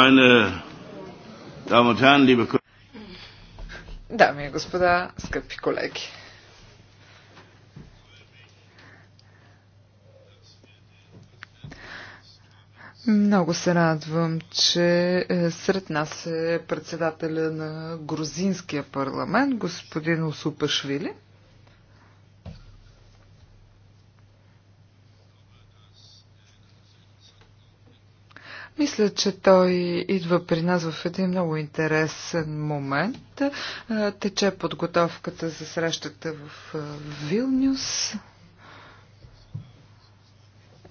Meine Damen und Herren, liebe Дами и господа, скъпи колеги. Много се радвам, че е, сред нас е председателя на грузинския парламент, господин Усупашвили. мисля, че той идва при нас в един много интересен момент. Тече подготовката за срещата в Вилнюс.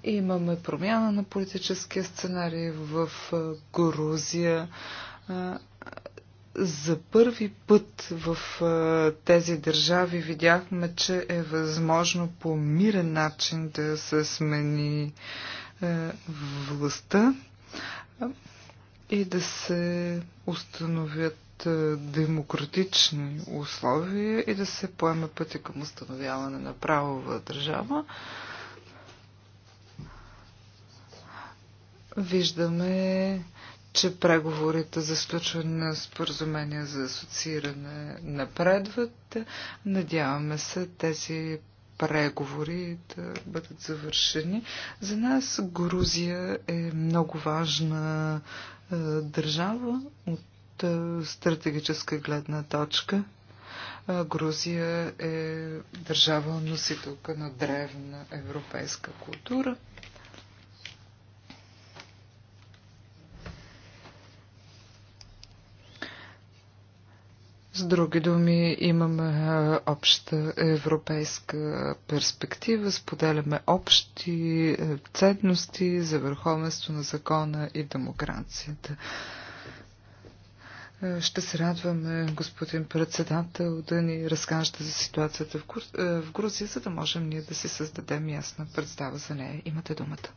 Имаме промяна на политическия сценарий в Грузия. За първи път в тези държави видяхме, че е възможно по мирен начин да се смени властта и да се установят е, демократични условия и да се поеме пътя към установяване на правова държава. Виждаме, че преговорите за сключване на споразумения за асоцииране напредват. Надяваме се тези преговори да бъдат завършени. За нас Грузия е много важна е, държава от е, стратегическа гледна точка. Е, Грузия е държава носителка на древна европейска култура. С други думи, имаме обща европейска перспектива, споделяме общи ценности за върховенство на закона и демокрацията. Ще се радваме, господин председател, да ни разкажете за ситуацията в, Грузия, за да можем ние да си създадем ясна представа за нея. Имате думата.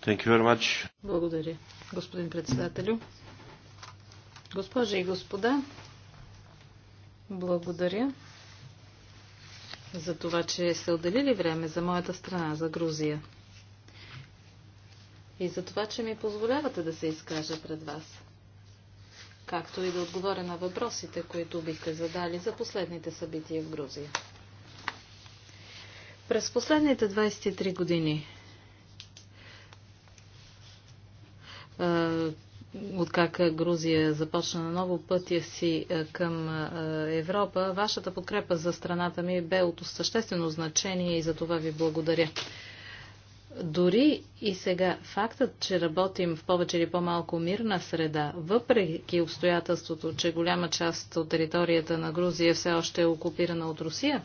Thank you very much. Благодаря господин председателю. Госпожи и господа, благодаря за това, че сте отделили време за моята страна, за Грузия. И за това, че ми позволявате да се изкажа пред вас. Както и да отговоря на въпросите, които бихте задали за последните събития в Грузия. През последните 23 години откак Грузия започна на ново пътя си към Европа, вашата подкрепа за страната ми бе от съществено значение и за това ви благодаря. Дори и сега фактът, че работим в повече или по-малко мирна среда, въпреки обстоятелството, че голяма част от територията на Грузия все още е окупирана от Русия,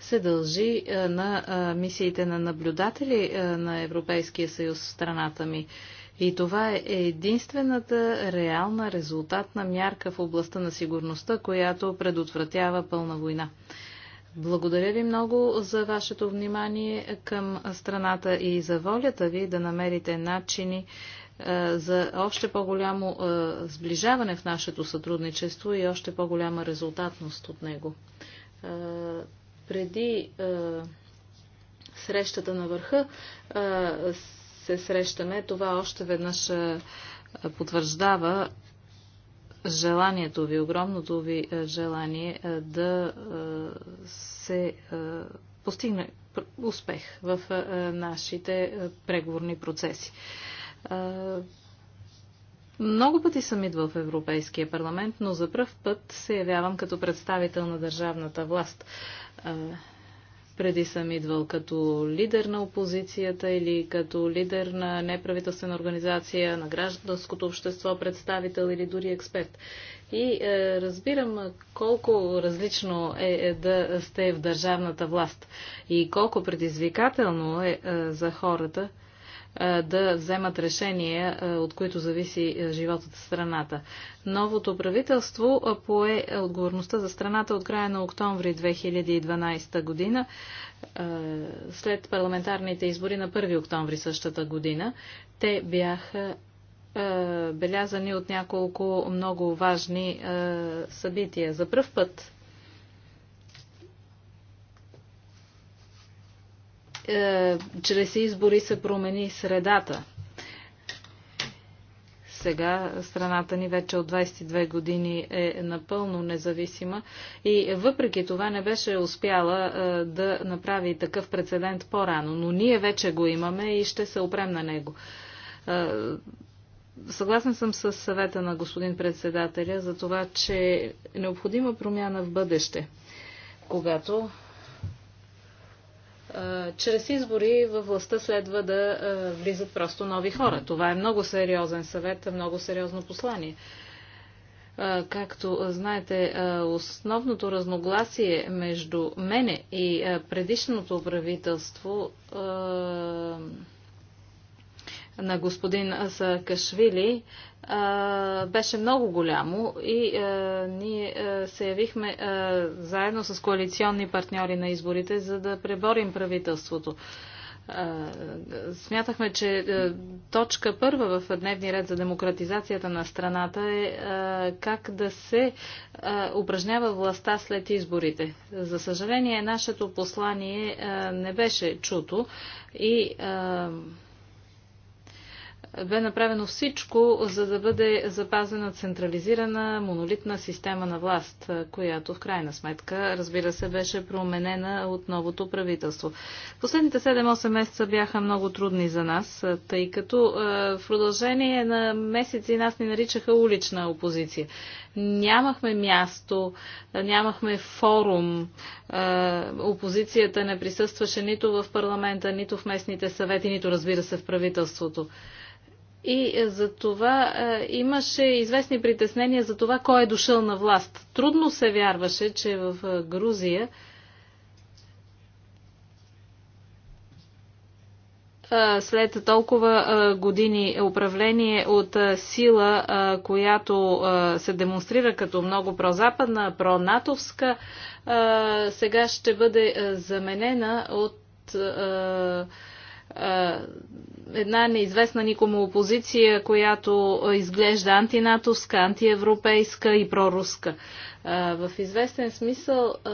се дължи е, на е, мисиите на наблюдатели е, на Европейския съюз в страната ми. И това е единствената реална резултатна мярка в областта на сигурността, която предотвратява пълна война. Благодаря ви много за вашето внимание към страната и за волята ви да намерите начини за още по-голямо сближаване в нашето сътрудничество и още по-голяма резултатност от него преди е, срещата на върха е, се срещаме. Това още веднъж е, потвърждава желанието ви, огромното ви желание да се постигне успех в нашите преговорни процеси. Много пъти съм идвал в Европейския парламент, но за пръв път се явявам като представител на държавната власт. Преди съм идвал като лидер на опозицията или като лидер на неправителствена организация, на гражданското общество, представител или дори експерт. И е, разбирам колко различно е, е да сте в държавната власт и колко предизвикателно е, е за хората да вземат решения, от които зависи животът на страната. Новото правителство пое отговорността за страната от края на октомври 2012 година, след парламентарните избори на 1 октомври същата година. Те бяха белязани от няколко много важни събития. За първ път е, чрез избори се промени средата. Сега страната ни вече от 22 години е напълно независима и въпреки това не беше успяла е, да направи такъв прецедент по-рано, но ние вече го имаме и ще се опрем на него. Е, Съгласен съм с съвета на господин председателя за това, че е необходима промяна в бъдеще, когато чрез избори във властта следва да влизат просто нови хора. Това е много сериозен съвет, много сериозно послание. Както знаете, основното разногласие между мене и предишното правителство на господин Саакашвили беше много голямо и ние се явихме заедно с коалиционни партньори на изборите, за да преборим правителството. Смятахме, че точка първа в дневния ред за демократизацията на страната е как да се упражнява властта след изборите. За съжаление, нашето послание не беше чуто и бе направено всичко, за да бъде запазена централизирана монолитна система на власт, която в крайна сметка, разбира се, беше променена от новото правителство. Последните 7-8 месеца бяха много трудни за нас, тъй като в продължение на месеци нас ни наричаха улична опозиция. Нямахме място, нямахме форум, опозицията не присъстваше нито в парламента, нито в местните съвети, нито разбира се в правителството и е, за това е, имаше известни притеснения за това кой е дошъл на власт. Трудно се вярваше, че в е, Грузия след толкова години управление от сила, която се демонстрира като много прозападна, пронатовска, сега ще бъде заменена от е, една неизвестна никому опозиция, която изглежда антинатовска, антиевропейска и проруска. Е, в известен смисъл е,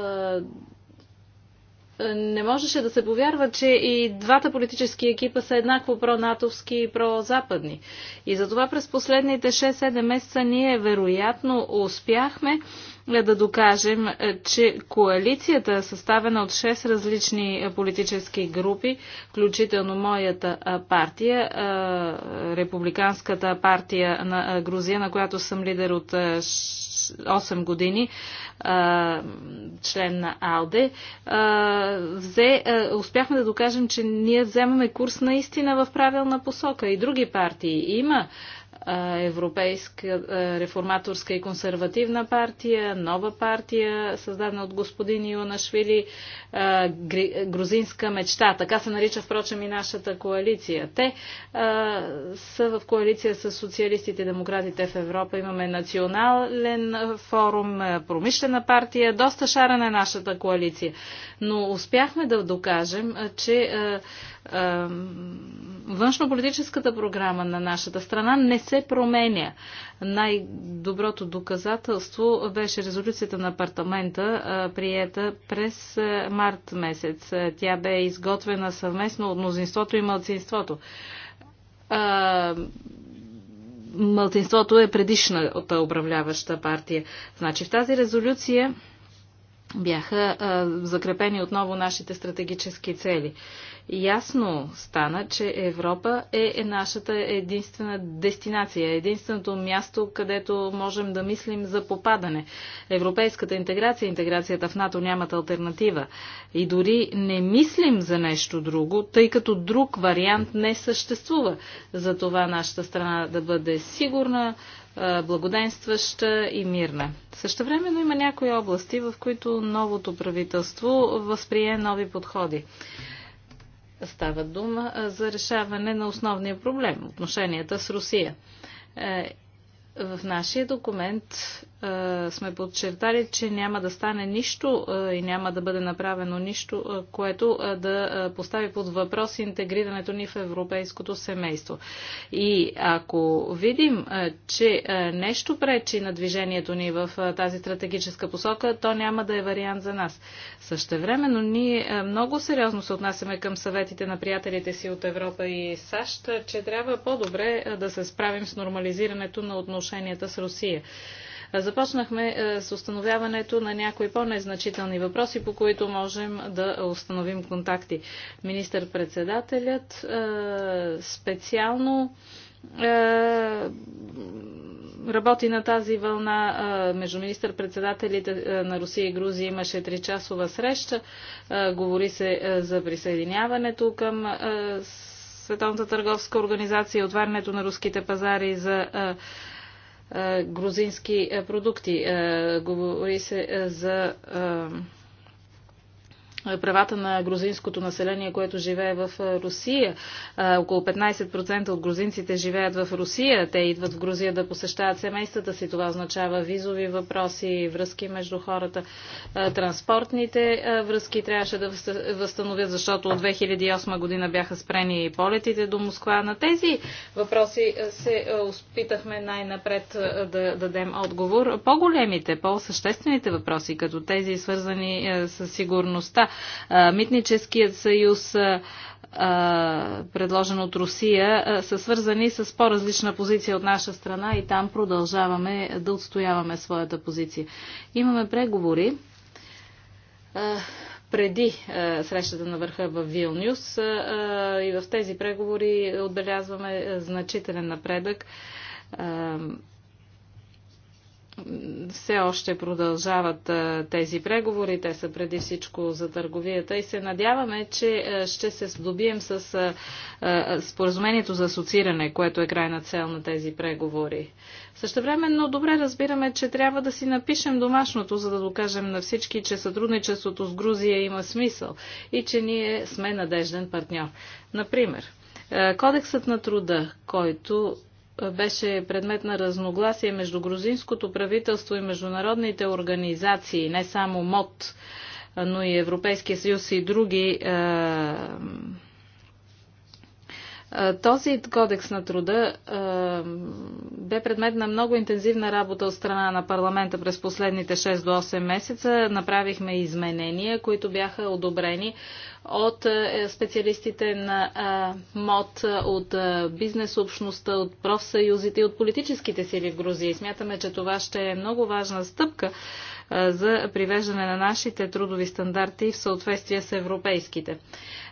не можеше да се повярва, че и двата политически екипа са еднакво пронатовски и прозападни. И затова през последните 6-7 месеца ние вероятно успяхме да докажем, е, че коалицията, съставена от 6 различни е, политически групи, включително моята е, партия, Републиканската партия на Грузия, на която съм лидер от 8 години, член на АЛДЕ, взе, успяхме да докажем, че ние вземаме курс наистина в правилна посока. И други партии има Европейска реформаторска и консервативна партия, нова партия, създадена от господин Юнашвили, грузинска мечта. Така се нарича, впрочем, и нашата коалиция. Те са в коалиция с социалистите и демократите в Европа. Имаме национален форум, промишлена партия. Доста шарена е нашата коалиция. Но успяхме да докажем, че външнополитическата програма на нашата страна не се променя. Най-доброто доказателство беше резолюцията на апартамента, приета през март месец. Тя бе изготвена съвместно от мнозинството и мълцинството. Мълцинството е предишна от управляваща партия. Значи в тази резолюция бяха закрепени отново нашите стратегически цели ясно стана, че Европа е нашата единствена дестинация, единственото място, където можем да мислим за попадане. Европейската интеграция, интеграцията в НАТО нямат альтернатива. И дори не мислим за нещо друго, тъй като друг вариант не съществува. За това нашата страна да бъде сигурна, благоденстваща и мирна. Също време, има някои области, в които новото правителство възприе нови подходи. Става дума за решаване на основния проблем отношенията с Русия. Е, в нашия документ е, сме подчертали, че няма да стане нищо е, и няма да бъде направено нищо, е, което да постави под въпрос интегрирането ни в европейското семейство. И ако видим, че нещо пречи на движението ни в тази стратегическа посока, то няма да е вариант за нас. Същевременно ние много сериозно се отнасяме към съветите на приятелите си от Европа и САЩ, че трябва по-добре да се справим с нормализирането на отношенията с Русия. Започнахме е, с установяването на някои по-незначителни въпроси, по които можем да установим контакти. Министър-председателят е, специално е, работи на тази вълна. Между министър-председателите на Русия и Грузия имаше тричасова среща. Говори се за присъединяването към Световната търговска организация и отварянето на руските пазари за грузински продукти. Говори се за правата на грузинското население, което живее в Русия. Около 15% от грузинците живеят в Русия. Те идват в Грузия да посещават семействата си. Това означава визови въпроси, връзки между хората. Транспортните връзки трябваше да възстановят, защото от 2008 година бяха спрени и полетите до Москва. На тези въпроси се опитахме най-напред да дадем отговор. По-големите, по-съществените въпроси, като тези свързани с сигурността, Митническият съюз, предложен от Русия, са свързани с по-различна позиция от наша страна и там продължаваме да отстояваме своята позиция. Имаме преговори преди срещата на върха в Вилнюс и в тези преговори отбелязваме значителен напредък все още продължават тези преговори. Те са преди всичко за търговията и се надяваме, че ще се здобием с споразумението за асоцииране, което е крайна цел на тези преговори. но добре разбираме, че трябва да си напишем домашното, за да докажем на всички, че сътрудничеството с Грузия има смисъл и че ние сме надежден партньор. Например, Кодексът на труда, който е, беше предмет на разногласие между грузинското правителство и международните организации, не само МОД, е, но и Европейския съюз и други е, този кодекс на труда бе предмет на много интензивна работа от страна на парламента през последните 6 до 8 месеца. Направихме изменения, които бяха одобрени от специалистите на МОД, от бизнес общността, от профсъюзите и от политическите сили в Грузия. И Смятаме, че това ще е много важна стъпка за привеждане на нашите трудови стандарти в съответствие с европейските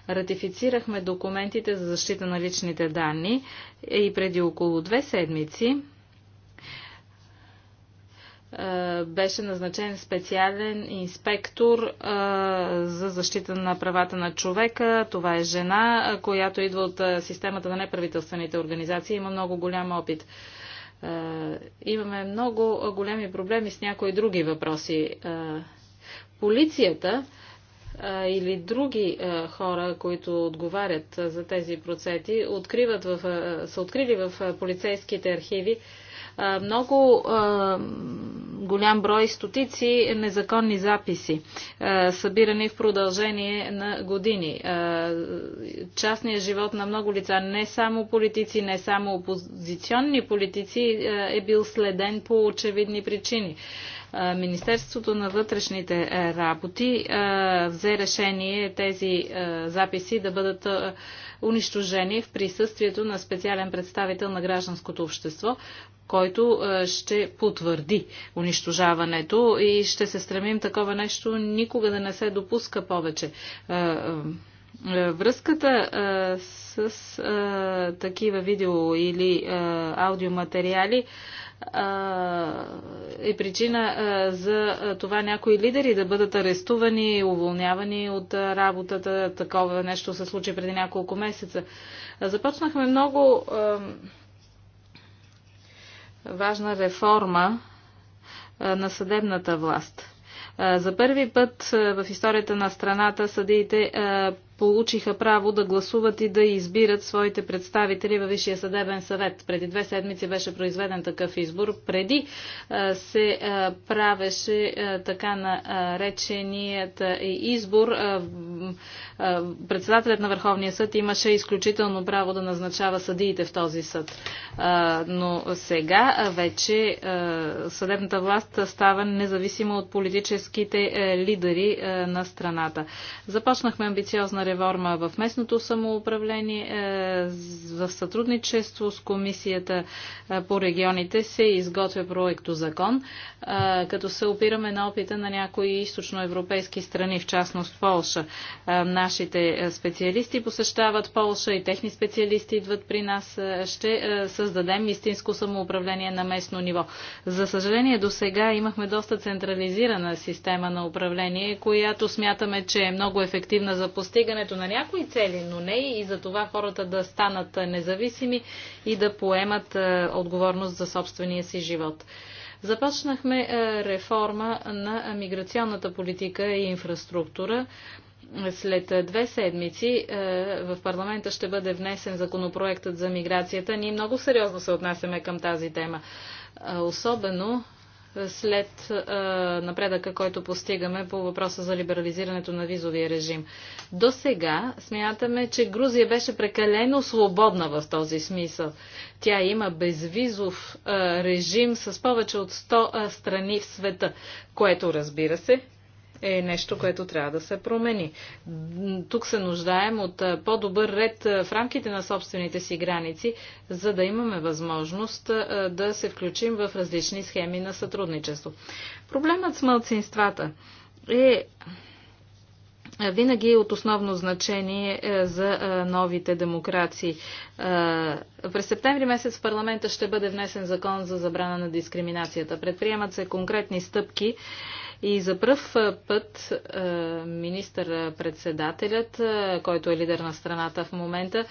ратифицирахме документите за защита на личните данни и преди около две седмици беше назначен специален инспектор за защита на правата на човека. Това е жена, която идва от системата на неправителствените организации. Има много голям опит. Имаме много големи проблеми с някои други въпроси. Полицията или други хора, които отговарят за тези процеси, откриват в, са открили в полицейските архиви много голям брой стотици незаконни записи, събирани в продължение на години. Частният живот на много лица, не само политици, не само опозиционни политици, е бил следен по очевидни причини. Министерството на вътрешните работи взе решение тези записи да бъдат унищожени в присъствието на специален представител на гражданското общество, който ще потвърди унищожаването и ще се стремим такова нещо никога да не се допуска повече. Връзката с такива видео или аудиоматериали е причина за това някои лидери да бъдат арестувани и уволнявани от работата. Такова нещо се случи преди няколко месеца. Започнахме много важна реформа на съдебната власт. За първи път в историята на страната съдиите получиха право да гласуват и да избират своите представители във Висшия съдебен съвет. Преди две седмици беше произведен такъв избор. Преди се правеше така нареченият избор. Председателят на Върховния съд имаше изключително право да назначава съдиите в този съд. Но сега вече съдебната власт става независима от политическите е, лидери е, на страната. Започнахме амбициозна реформа в местното самоуправление. Е, за сътрудничество с Комисията е, по регионите се изготвя проекто закон, е, като се опираме на опита на някои източноевропейски страни, в частност Полша. Нашите специалисти посещават Полша и техни специалисти идват при нас. Ще създадем истинско самоуправление на местно ниво. За съжаление, до сега имахме доста централизирана система на управление, която смятаме, че е много ефективна за постигане постигането на някои цели, но не и за това хората да станат независими и да поемат отговорност за собствения си живот. Започнахме реформа на миграционната политика и инфраструктура. След две седмици в парламента ще бъде внесен законопроектът за миграцията. Ние много сериозно се отнасяме към тази тема. Особено след а, напредъка, който постигаме по въпроса за либерализирането на визовия режим. До сега смятаме, че Грузия беше прекалено свободна в този смисъл. Тя има безвизов а, режим с повече от 100 а, страни в света, което разбира се е нещо, което трябва да се промени. Тук се нуждаем от по-добър ред в рамките на собствените си граници, за да имаме възможност да се включим в различни схеми на сътрудничество. Проблемът с мълцинствата е, е винаги от основно значение е, за е, новите демокрации. През септември месец в парламента ще бъде внесен закон за забрана на дискриминацията. Предприемат се конкретни стъпки и за пръв път министър-председателят, който е лидер на страната в момента,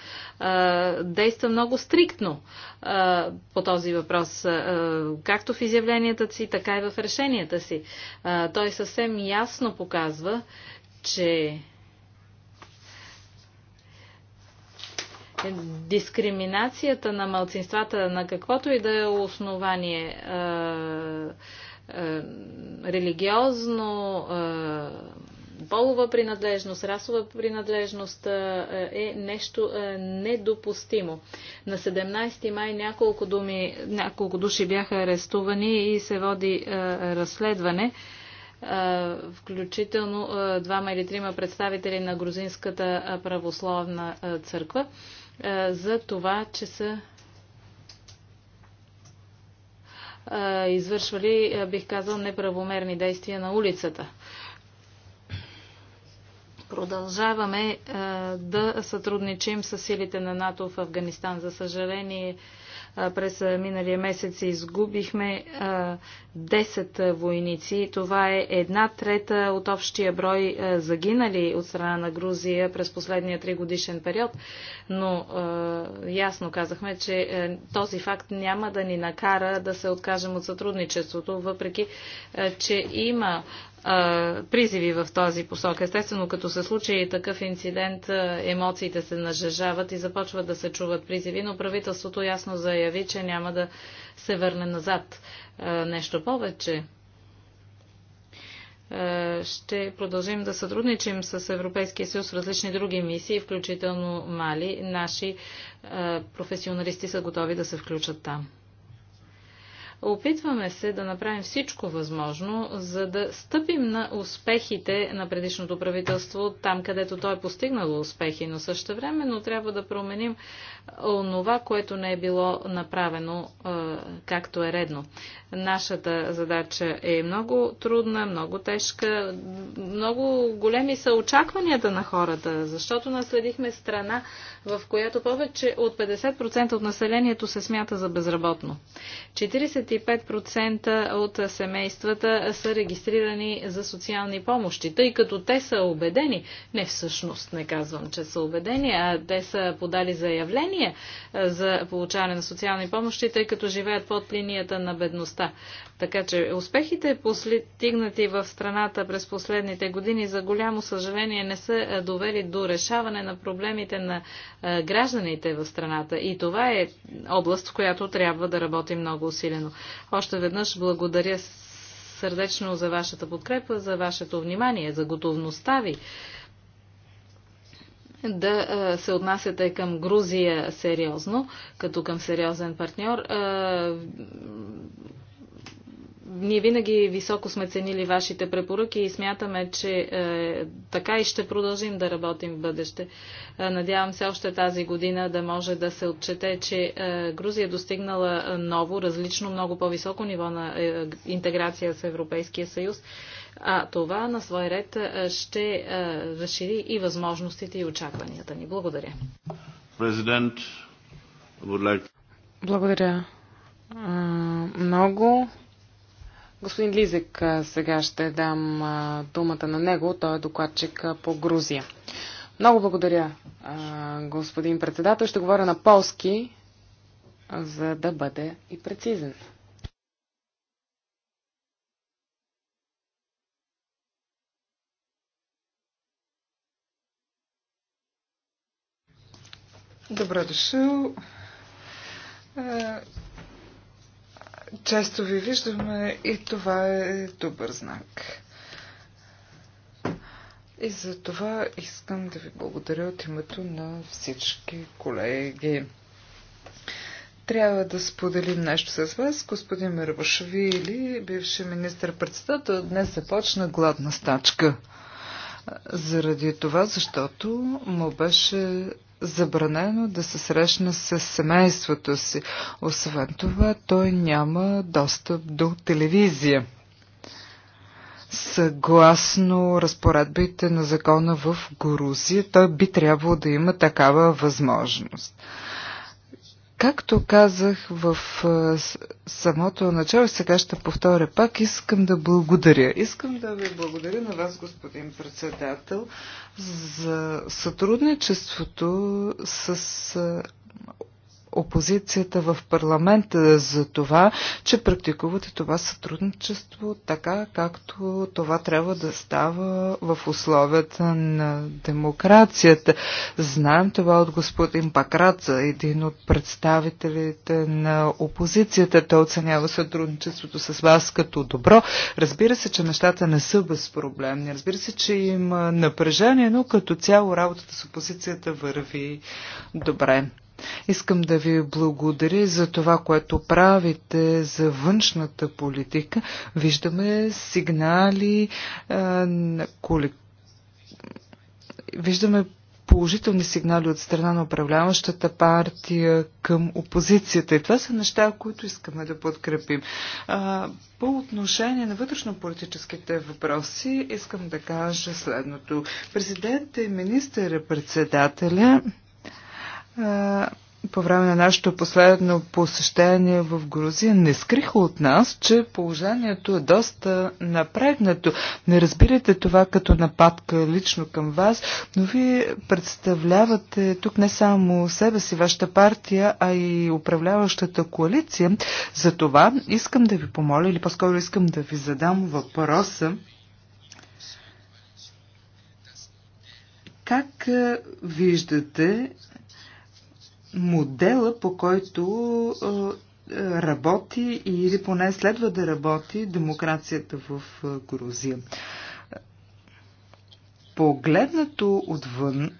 действа много стриктно по този въпрос, както в изявленията си, така и в решенията си. Той съвсем ясно показва, че дискриминацията на малцинствата на каквото и да е основание е, религиозно, полова е, принадлежност, расова принадлежност е, е нещо недопустимо. На 17 май няколко, думи, няколко души бяха арестувани и се води разследване включително двама или трима представители на грузинската православна църква, за това, че са извършвали, бих казал, неправомерни действия на улицата. Продължаваме да сътрудничим с силите на НАТО в Афганистан. За съжаление, през миналия месец изгубихме 10 войници. Това е една трета от общия брой загинали от страна на Грузия през последния три годишен период. Но ясно казахме, че този факт няма да ни накара да се откажем от сътрудничеството, въпреки че има призиви в този посок. Естествено, като се случи и такъв инцидент, емоциите се нажежават и започват да се чуват призиви, но правителството ясно заяви, че няма да се върне назад. Нещо повече. Ще продължим да сътрудничим с Европейския съюз в различни други мисии, включително Мали. Наши професионалисти са готови да се включат там. Опитваме се да направим всичко възможно, за да стъпим на успехите на предишното правителство, там където то е постигнало успехи, но също времено трябва да променим онова, което не е било направено е, както е редно. Нашата задача е много трудна, много тежка, много големи са очакванията на хората, защото наследихме страна, в която повече от 50% от населението се смята за безработно. 40 25% от семействата са регистрирани за социални помощи, тъй като те са убедени, не всъщност не казвам, че са убедени, а те са подали заявление за получаване на социални помощи, тъй като живеят под линията на бедността. Така че успехите, постигнати в страната през последните години, за голямо съжаление не са довели до решаване на проблемите на гражданите в страната. И това е област, в която трябва да работи много усилено. Още веднъж благодаря сърдечно за вашата подкрепа, за вашето внимание, за готовността ви да се отнасяте към Грузия сериозно, като към сериозен партньор. Ние винаги високо сме ценили вашите препоръки и смятаме, че е, така и ще продължим да работим в бъдеще. Е, надявам се още тази година да може да се отчете, че е, Грузия е достигнала е, ново, различно, много по-високо ниво на е, интеграция с Европейския съюз. А това на свой ред е, ще е, разшири и възможностите и очакванията ни. Благодаря. Президент, Благодаря много. Господин Лизек, сега ще дам думата на него. Той е докладчик по Грузия. Много благодаря, господин председател. Ще говоря на полски, за да бъде и прецизен. Добре дошъл често ви виждаме и това е добър знак. И за това искам да ви благодаря от името на всички колеги. Трябва да споделим нещо с вас. Господин Мервашвили, бивши министр-председател, днес започна гладна стачка. Заради това, защото му беше забранено да се срещне с семейството си. Освен това, той няма достъп до телевизия. Съгласно разпоредбите на закона в Грузия, той би трябвало да има такава възможност. Както казах в самото начало, сега ще повторя пак, искам да благодаря. Искам да ви благодаря на вас, господин председател, за сътрудничеството с опозицията в парламента за това, че практикувате това сътрудничество така, както това трябва да става в условията на демокрацията. Знаем това от господин Пакраца, един от представителите на опозицията. Той оценява сътрудничеството с вас като добро. Разбира се, че нещата не са безпроблемни. Разбира се, че има напрежение, но като цяло работата с опозицията върви добре. Искам да ви благодаря за това, което правите за външната политика. Виждаме сигнали виждаме положителни сигнали от страна на управляващата партия към опозицията. И това са неща, които искаме да подкрепим. А, по отношение на вътрешно-политическите въпроси искам да кажа следното. Президентът и министър-председателя по време на нашето последно посещение в Грузия не скриха от нас, че положението е доста напрегнато. Не разбирате това като нападка лично към вас, но вие представлявате тук не само себе си, вашата партия, а и управляващата коалиция. За това искам да ви помоля, или по-скоро искам да ви задам въпроса, как виждате модела, по който работи или поне следва да работи демокрацията в Грузия. Погледнато отвън,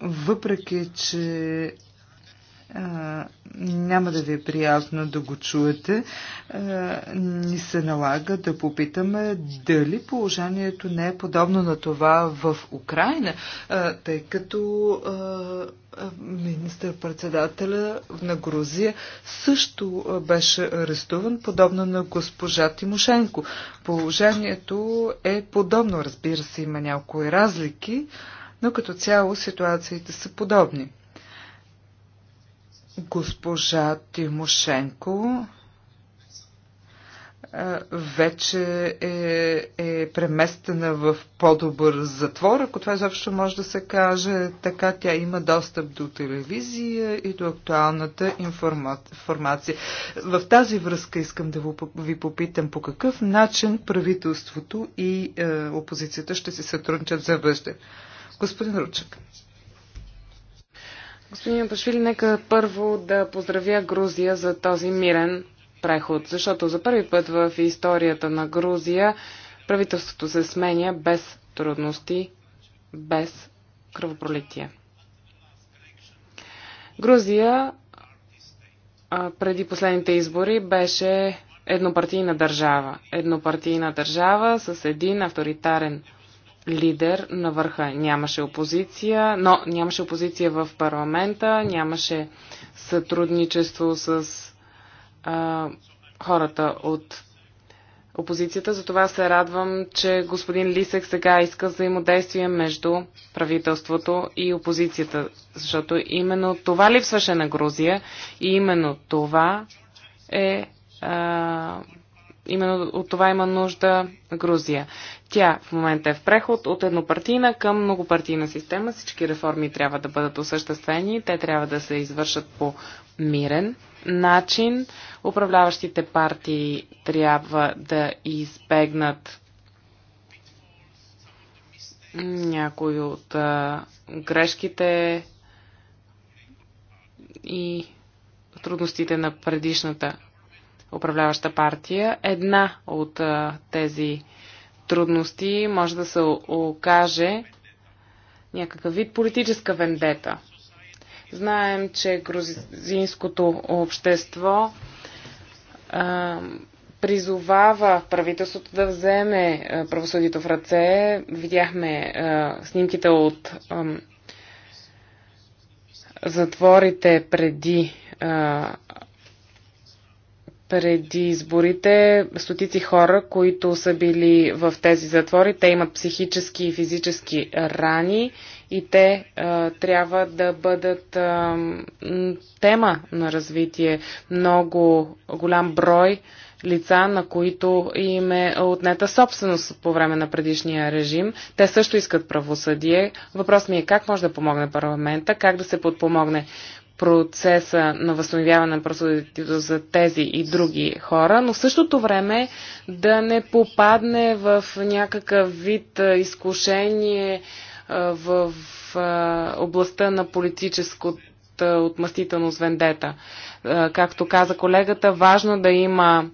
въпреки че няма да ви е приятно да го чуете, ни се налага да попитаме дали положението не е подобно на това в Украина, тъй като министър-председателя на Грузия също беше арестуван, подобно на госпожа Тимошенко. Положението е подобно, разбира се, има някои разлики, но като цяло ситуациите са подобни. Госпожа Тимошенко е, вече е, е преместена в по-добър затвор, ако това изобщо може да се каже. Така тя има достъп до телевизия и до актуалната информация. В тази връзка искам да ви попитам по какъв начин правителството и е, опозицията ще се сътрудничат за бъждане. Господин Ручек. Господин Пашвили, нека първо да поздравя Грузия за този мирен преход, защото за първи път в историята на Грузия правителството се сменя без трудности, без кръвопролитие. Грузия преди последните избори беше еднопартийна държава. Еднопартийна държава с един авторитарен лидер на върха. Нямаше опозиция, но нямаше опозиция в парламента, нямаше сътрудничество с а, хората от опозицията. Затова се радвам, че господин Лисек сега иска взаимодействие между правителството и опозицията, защото именно това липсваше на Грузия и именно това е а, именно от това има нужда Грузия. Тя в момента е в преход от еднопартийна към многопартийна система. Всички реформи трябва да бъдат осъществени. Те трябва да се извършат по мирен начин. Управляващите партии трябва да избегнат някои от а, грешките и трудностите на предишната управляваща партия. Една от а, тези трудности може да се окаже някакъв вид политическа вендета. Знаем, че грузинското общество а, призовава правителството да вземе правосъдието в ръце. Видяхме а, снимките от а, затворите преди а, преди изборите стотици хора, които са били в тези затвори. Те имат психически и физически рани и те а, трябва да бъдат а, тема на развитие. Много голям брой лица, на които им е отнета собственост по време на предишния режим. Те също искат правосъдие. Въпрос ми е как може да помогне парламента, как да се подпомогне процеса на възстановяване на правосъдието за тези и други хора, но в същото време да не попадне в някакъв вид изкушение в областта на политическото отмъстителност вендета. Както каза колегата, важно да има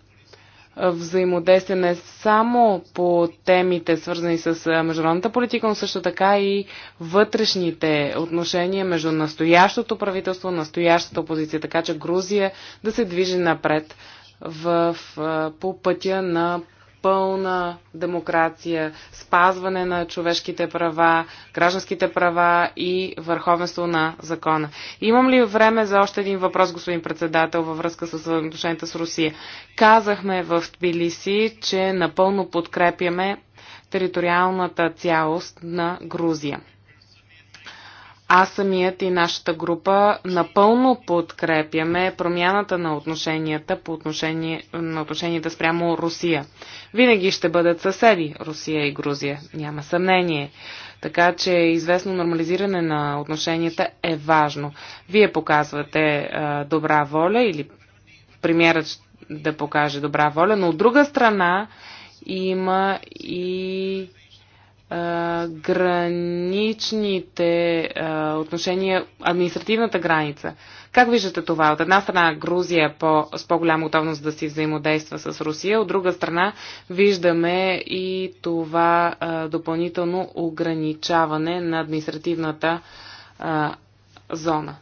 взаимодействие не само по темите, свързани с международната политика, но също така и вътрешните отношения между настоящото правителство, настоящата опозиция, така че Грузия да се движи напред в, по пътя на пълна демокрация, спазване на човешките права, гражданските права и върховенство на закона. Имам ли време за още един въпрос, господин председател, във връзка с отношенията с Русия? Казахме в Тбилиси, че напълно подкрепяме териториалната цялост на Грузия аз самият и нашата група напълно подкрепяме промяната на отношенията по отношение, на отношенията спрямо Русия. Винаги ще бъдат съседи Русия и Грузия, няма съмнение. Така че известно нормализиране на отношенията е важно. Вие показвате а, добра воля или премьерът да покаже добра воля, но от друга страна има и граничните а, отношения, административната граница. Как виждате това? От една страна Грузия е по, с по-голяма готовност да си взаимодейства с Русия, от друга страна виждаме и това а, допълнително ограничаване на административната а, зона.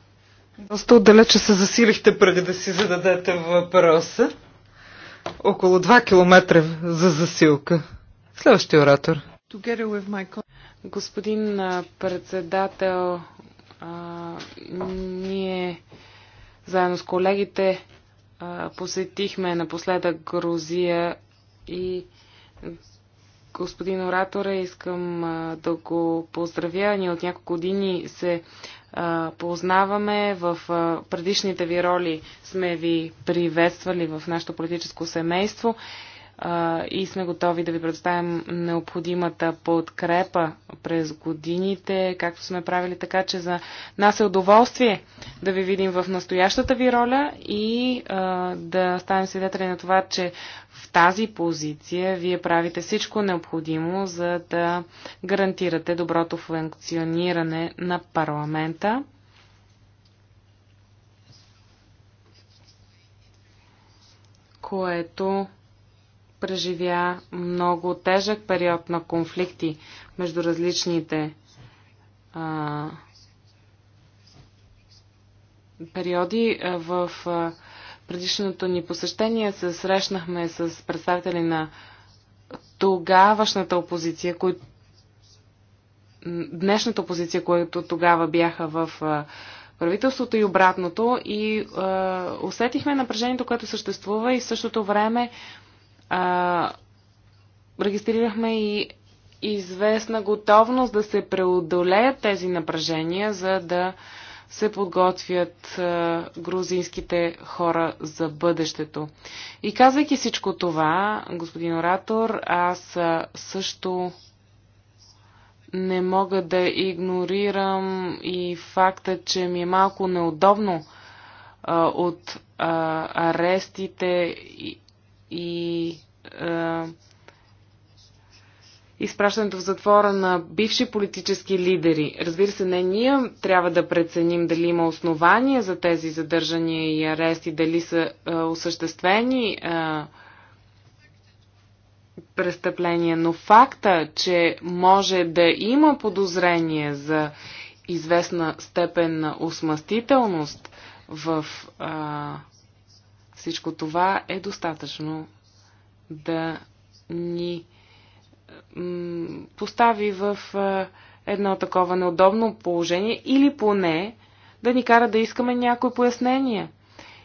Доста отдалече се засилихте преди да си зададете въпроса. Около 2 км за засилка. Следващия оратор. Господин председател, ние заедно с колегите посетихме напоследък Грузия и господин оратора, искам да го поздравя. Ние от няколко години се познаваме. В предишните ви роли сме ви приветствали в нашето политическо семейство и сме готови да ви предоставим необходимата подкрепа през годините, както сме правили така, че за нас е удоволствие да ви видим в настоящата ви роля и а, да станем свидетели на това, че в тази позиция вие правите всичко необходимо, за да гарантирате доброто функциониране на парламента. което преживя много тежък период на конфликти между различните а, периоди. В а, предишното ни посещение се срещнахме с представители на тогавашната опозиция, кои... днешната опозиция, които тогава бяха в а, правителството и обратното и а, усетихме напрежението, което съществува и в същото време а, регистрирахме и известна готовност да се преодолеят тези напрежения, за да се подготвят а, грузинските хора за бъдещето. И казвайки всичко това, господин оратор, аз а, също не мога да игнорирам и факта, че ми е малко неудобно а, от а, арестите и, и е, изпращането в затвора на бивши политически лидери. Разбира се, не ние трябва да преценим дали има основания за тези задържания и арести, дали са е, осъществени е, престъпления, но факта, че може да има подозрение за известна степен на осмъстителност в Е, всичко това е достатъчно да ни постави в едно такова неудобно положение или поне да ни кара да искаме някои пояснения.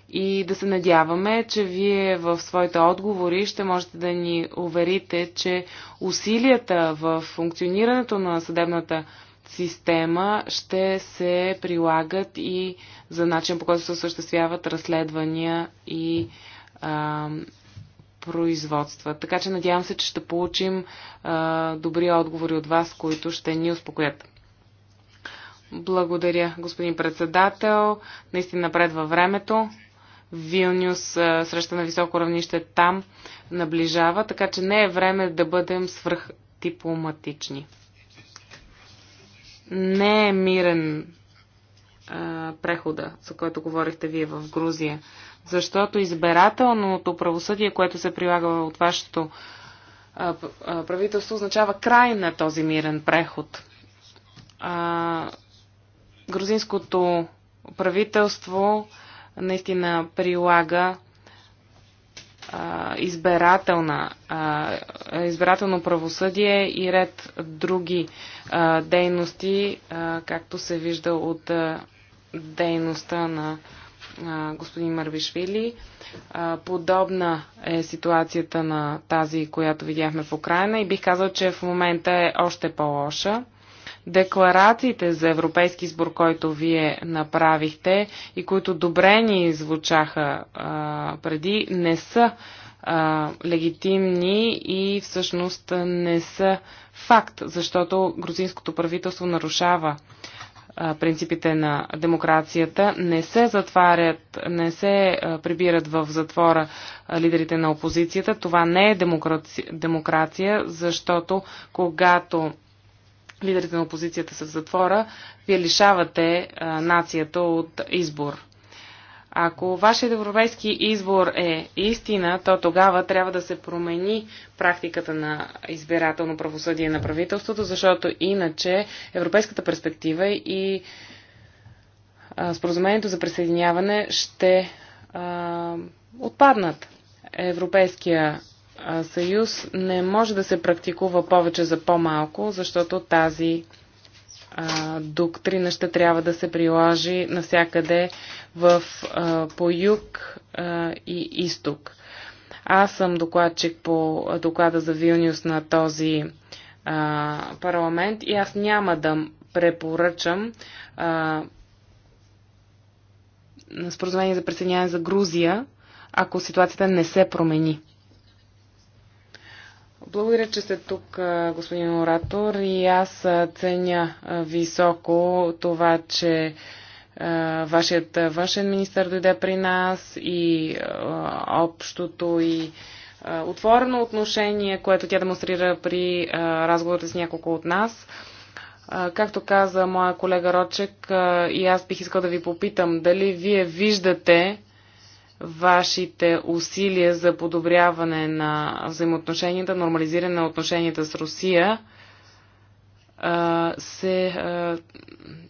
И да се надяваме, че вие в своите отговори ще можете да ни уверите, че усилията в функционирането на съдебната система ще се прилагат и за начин по който се осъществяват разследвания и а, производства. Така че надявам се, че ще получим а, добри отговори от вас, които ще ни успокоят. Благодаря, господин председател. Наистина напред във времето. Вилнюс, среща на високо равнище там, наближава, така че не е време да бъдем свръхтипломатични. дипломатични не е мирен а, прехода, за който говорихте вие в Грузия. Защото избирателното правосъдие, което се прилага от вашето а, а, правителство, означава край на този мирен преход. А, грузинското правителство наистина прилага избирателна, избирателно правосъдие и ред други дейности, както се вижда от дейността на господин Марвишвили. Подобна е ситуацията на тази, която видяхме в Украина и бих казал, че в момента е още по-лоша декларациите за европейски избор, който вие направихте и които добре ни звучаха а, преди, не са а, легитимни и всъщност не са факт, защото грузинското правителство нарушава принципите на демокрацията, не се затварят, не се прибират в затвора лидерите на опозицията. Това не е демокрация, демокрация защото когато лидерите на опозицията са в затвора, вие лишавате а, нацията от избор. Ако вашият европейски избор е истина, то тогава трябва да се промени практиката на избирателно правосъдие на правителството, защото иначе европейската перспектива и споразумението за присъединяване ще а, отпаднат. Европейския съюз не може да се практикува повече за по-малко, защото тази доктрина ще трябва да се приложи навсякъде в, а, по юг а, и изток. Аз съм докладчик по доклада за Вилниус на този а, парламент и аз няма да препоръчам а, споразумение за присъединяване за Грузия, ако ситуацията не се промени. Благодаря, че сте тук, господин оратор, и аз ценя високо това, че вашият външен министр дойде при нас и общото и отворено отношение, което тя демонстрира при разговорите с няколко от нас. Както каза моя колега Рочек, и аз бих искал да ви попитам дали вие виждате вашите усилия за подобряване на взаимоотношенията, нормализиране на отношенията с Русия, се,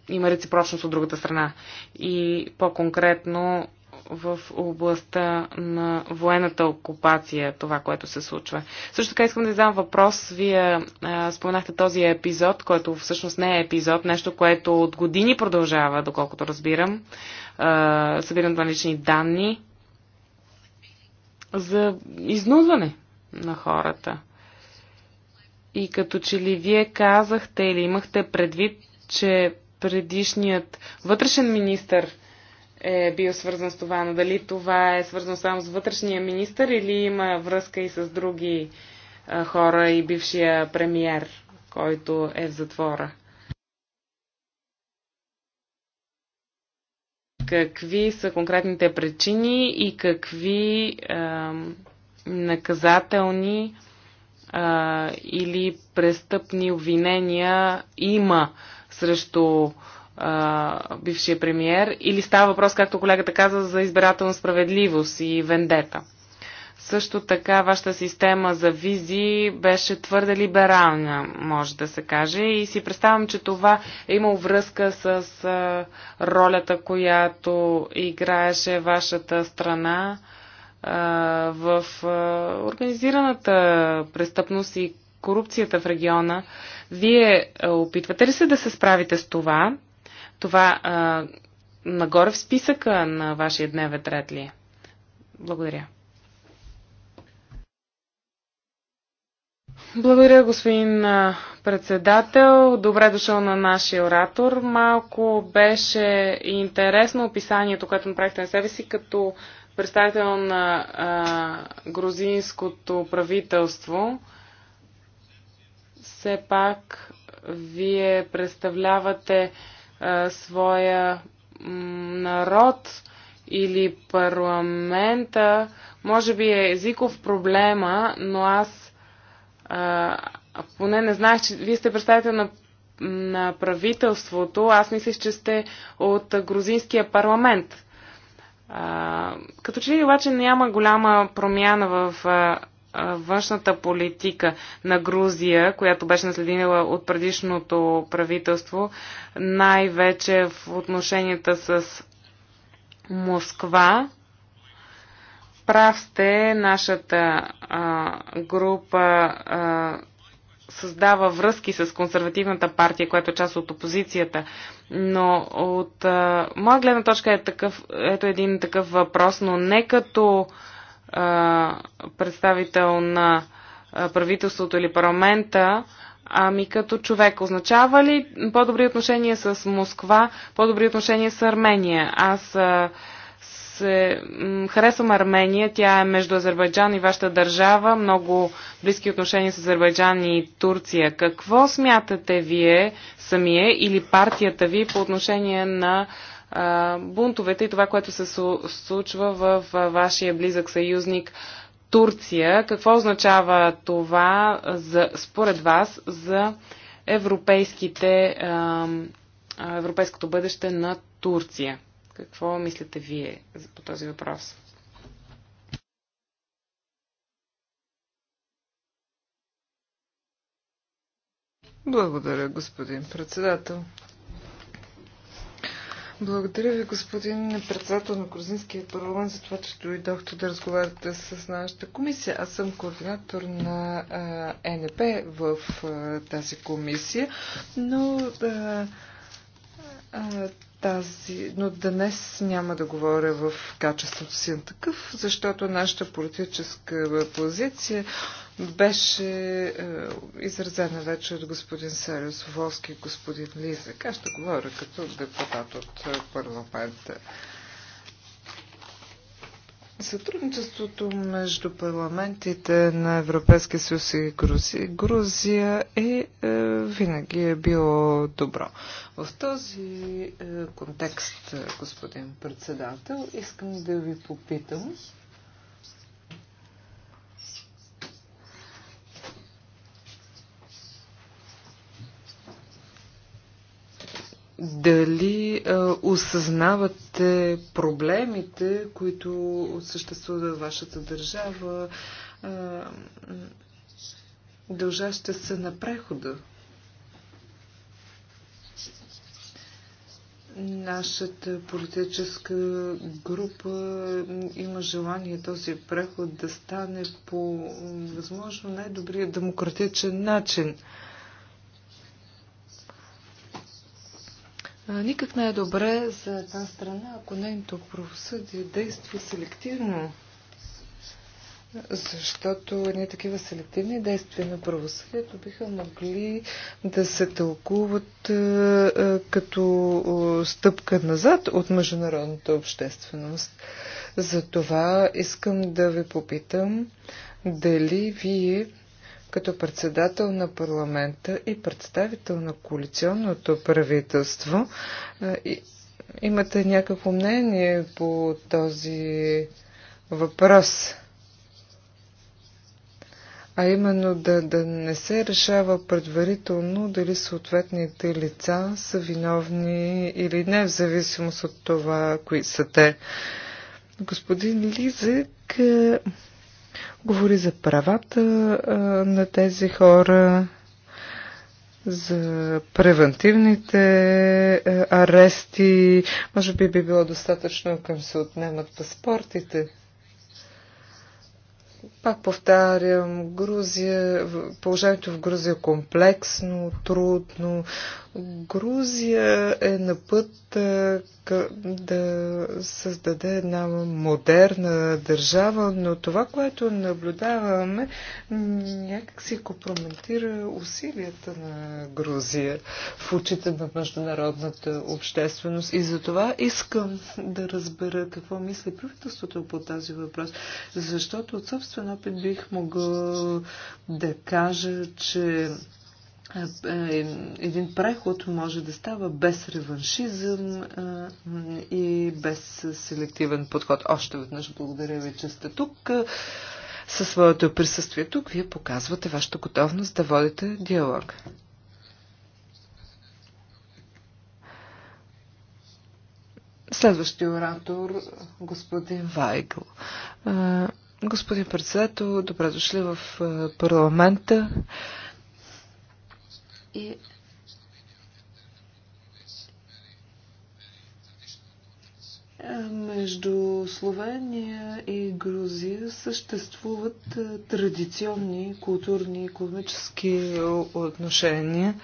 има реципрочност от другата страна. И по-конкретно в областта на военната окупация, това, което се случва. Също така искам да задам въпрос. Вие а, споменахте този епизод, който всъщност не е епизод, нещо, което от години продължава, доколкото разбирам. събирането на лични данни за изнудване на хората. И като че ли вие казахте или имахте предвид, че предишният вътрешен министр е бил свързан с това, но дали това е свързано само с вътрешния министр или има връзка и с други хора и бившия премиер, който е в затвора? какви са конкретните причини и какви а, наказателни а, или престъпни обвинения има срещу а, бившия премиер или става въпрос, както колегата каза, за избирателна справедливост и вендета. Също така вашата система за визи беше твърде либерална, може да се каже, и си представям, че това е имало връзка с ролята, която играеше вашата страна в организираната престъпност и корупцията в региона. Вие опитвате ли се да се справите с това? Това а, нагоре в списъка на вашия дневен ред ли? Е? Благодаря. Благодаря, господин председател. Добре дошъл на нашия оратор. Малко беше интересно описанието, което направихте на себе си като представител на а, грузинското правителство. Все пак вие представлявате а, своя народ или парламента. Може би е езиков проблема, но аз а, поне не знаех, че вие сте представител на, на правителството. Аз мислех, че сте от грузинския парламент. А, като че ли обаче няма голяма промяна в а, а, външната политика на Грузия, която беше наследила от предишното правителство, най-вече в отношенията с Москва. Прав сте, нашата а, група а, създава връзки с консервативната партия, която е част от опозицията. Но от а, моя гледна точка е такъв, ето един такъв въпрос, но не като а, представител на правителството или парламента, ами като човек. Означава ли по-добри отношения с Москва, по-добри отношения с Армения? Аз а, се харесвам Армения. Тя е между Азербайджан и вашата държава. Много близки отношения с Азербайджан и Турция. Какво смятате вие самие или партията ви по отношение на а, бунтовете и това, което се случва в вашия близък съюзник Турция? Какво означава това за, според вас за европейските, а, европейското бъдеще на Турция? Какво мислите вие по този въпрос? Благодаря, господин председател. Благодаря ви, господин председател на Крузинския парламент, за това, че дойдохте да разговаряте с нашата комисия. Аз съм координатор на а, НП в а, тази комисия, но а, а, тази, но днес няма да говоря в качеството си на такъв, защото нашата политическа позиция беше е, изразена вече от господин Сариус Волски и господин Лизък. Аз ще говоря като депутат от е, парламента. Сътрудничеството между парламентите на Европейския съюз и Грузия, Грузия е, е, винаги е било добро. В този е, контекст, е, господин председател, искам да ви попитам дали а, осъзнавате проблемите, които съществуват във вашата държава, а, дължаща се на прехода. Нашата политическа група има желание този преход да стане по възможно най-добрия демократичен начин. А, Никак не е добре за една страна, ако нейното правосъдие действа селективно. Защото едни такива селективни действия на правосъдието биха могли да се тълкуват като стъпка назад от международната общественост. Затова искам да ви попитам дали вие като председател на парламента и представител на коалиционното правителство. Имате някакво мнение по този въпрос? А именно да, да не се решава предварително дали съответните лица са виновни или не, в зависимост от това, кои са те. Господин Лизък Говори за правата на тези хора, за превентивните арести. Може би би било достатъчно към се отнемат паспортите. Пак повтарям, Грузия, положението в Грузия е комплексно, трудно. Грузия е на път да създаде една модерна държава, но това, което наблюдаваме, някак си компрометира усилията на Грузия в очите на международната общественост. И за това искам да разбера какво мисли правителството по тази въпрос, защото от собствена опит бих могъл да кажа, че е, е, един преход може да става без реваншизъм е, и без селективен подход. Още веднъж благодаря ви, че сте тук. Със своето присъствие тук вие показвате вашата готовност да водите диалог. Следващия оратор, господин Вайгл. Господин председател, добре дошли в е, парламента. И е, Между Словения и Грузия съществуват е, традиционни културни и економически отношения.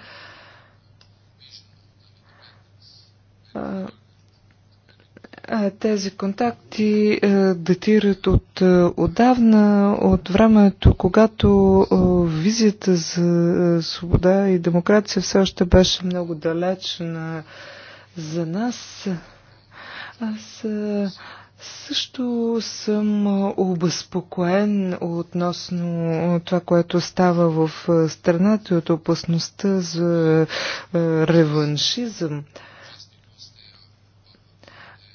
Тези контакти датират от отдавна, от времето, когато визията за свобода и демокрация все още беше много далечна за нас. Аз също съм обезпокоен относно това, което става в страната и от опасността за реваншизъм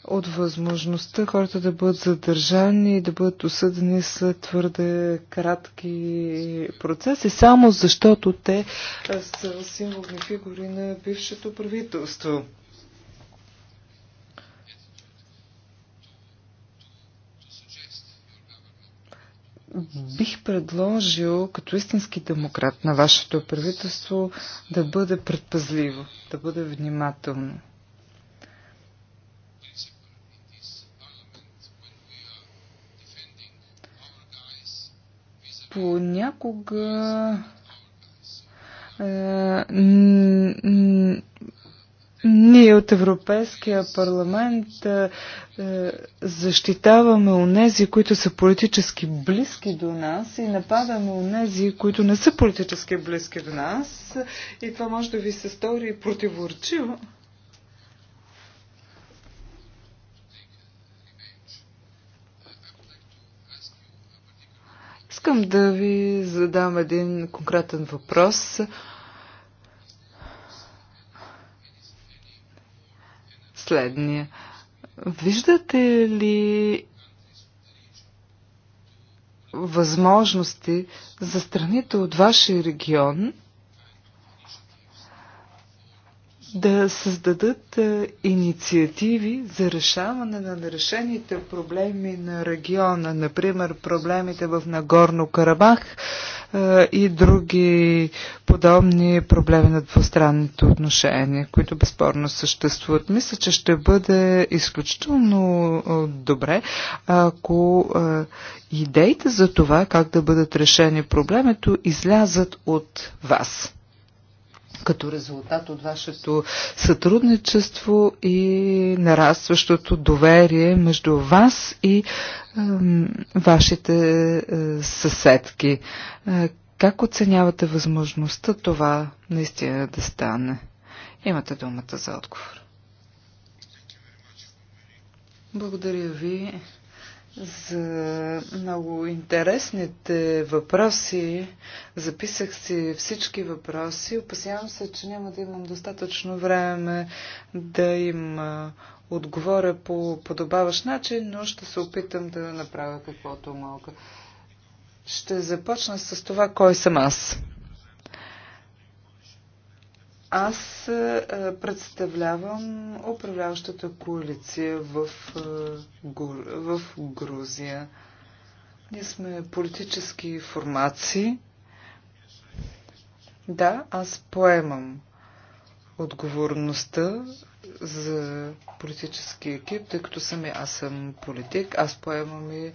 от възможността хората да бъдат задържани и да бъдат осъдени след твърде кратки процеси, само защото те е, са символни фигури на бившето правителство. бих предложил като истински демократ на вашето правителство да бъде предпазливо, да бъде внимателно. понякога е, ние от Европейския парламент е, е, защитаваме онези, които са политически близки до нас и нападаме онези, които не са политически близки до нас. И това може да ви се стори противоречиво. Искам да ви задам един конкретен въпрос. Следния. Виждате ли възможности за страните от вашия регион – да създадат е, инициативи за решаване на нерешените проблеми на региона, например проблемите в Нагорно Карабах е, и други подобни проблеми на двустранните отношения, които безспорно съществуват. Мисля, че ще бъде изключително е, добре, ако идеите за това как да бъдат решени проблемето излязат от вас като резултат от вашето сътрудничество и нарастващото доверие между вас и е, вашите е, съседки. Е, как оценявате възможността това наистина да стане? Имате думата за отговор. Благодаря ви за много интересните въпроси. Записах си всички въпроси. Опасявам се, че няма да имам достатъчно време да им отговоря по подобаващ начин, но ще се опитам да направя каквото мога. Ще започна с това, кой съм аз. Аз е, е, представлявам управляващата коалиция в, е, в Грузия. Ние сме политически формации. Да, аз поемам отговорността за политически екип, тъй като и аз съм политик, аз поемам и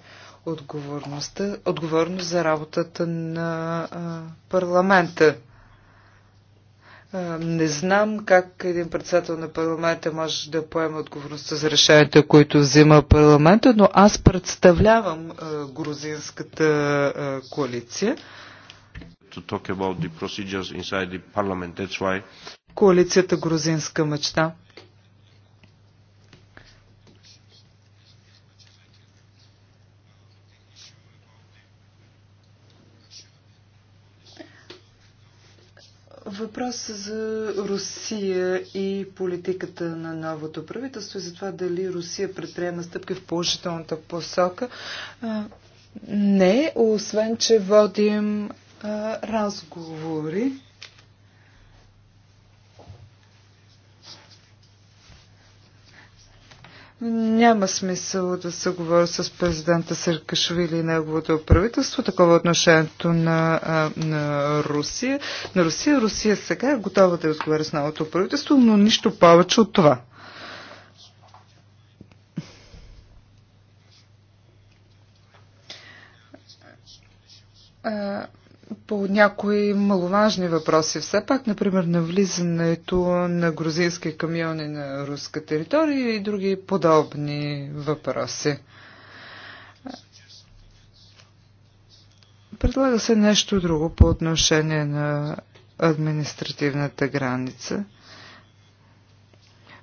отговорността, отговорност за работата на а, парламента. Не знам как един председател на парламента може да поеме отговорността за решенията, които взима парламента, но аз представлявам грузинската коалиция. Коалицията Грузинска мечта. Въпрос за Русия и политиката на новото правителство и за това дали Русия предприема стъпки в положителната посока. Не, освен, че водим разговори Няма смисъл да се говори с президента Съркашвили и неговото правителство. Такова отношението на, на Русия. На Русия. Русия сега е готова да разговаря с новото правителство, но нищо повече от това. А, по някои маловажни въпроси. Все пак, например, навлизането на грузински камиони на руска територия и други подобни въпроси. Предлага се нещо друго по отношение на административната граница.